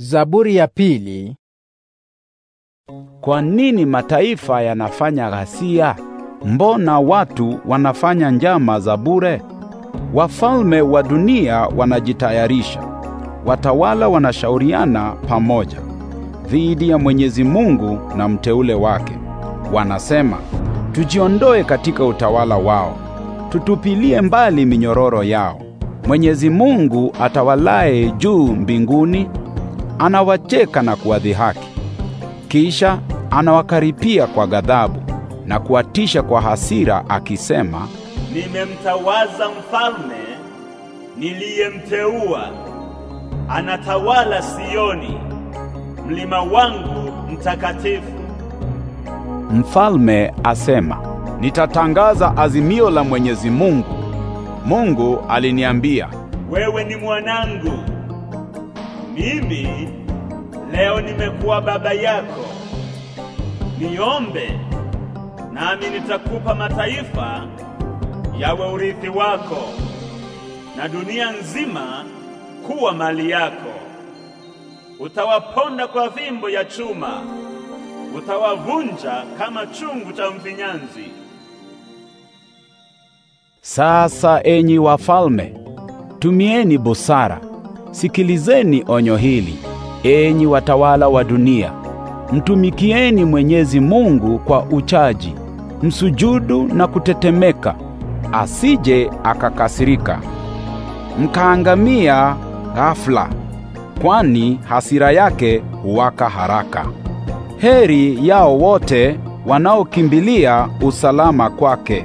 Zaburi ya pili. Kwa nini mataifa yanafanya ghasia? Mbona watu wanafanya njama za bure? Wafalme wa dunia wanajitayarisha, watawala wanashauriana pamoja dhidi ya Mwenyezi Mungu na mteule wake. Wanasema, tujiondoe katika utawala wao, tutupilie mbali minyororo yao. Mwenyezi Mungu atawalae juu mbinguni anawacheka na kuwadhihaki. Kisha anawakaripia kwa ghadhabu na kuwatisha kwa hasira akisema, nimemtawaza mfalme niliyemteua, anatawala Sioni, mlima wangu mtakatifu. Mfalme asema, nitatangaza azimio la Mwenyezi Mungu. Mungu aliniambia, wewe ni mwanangu mimi leo nimekuwa baba yako, niombe nami nitakupa mataifa yawe urithi wako na dunia nzima kuwa mali yako. Utawaponda kwa fimbo ya chuma, utawavunja kama chungu cha mfinyanzi. Sasa enyi wafalme, tumieni busara Sikilizeni onyo hili, enyi watawala wa dunia. Mtumikieni Mwenyezi Mungu kwa uchaji, msujudu na kutetemeka, asije akakasirika, mkaangamia ghafla, kwani hasira yake huwaka haraka. Heri yao wote wanaokimbilia usalama kwake.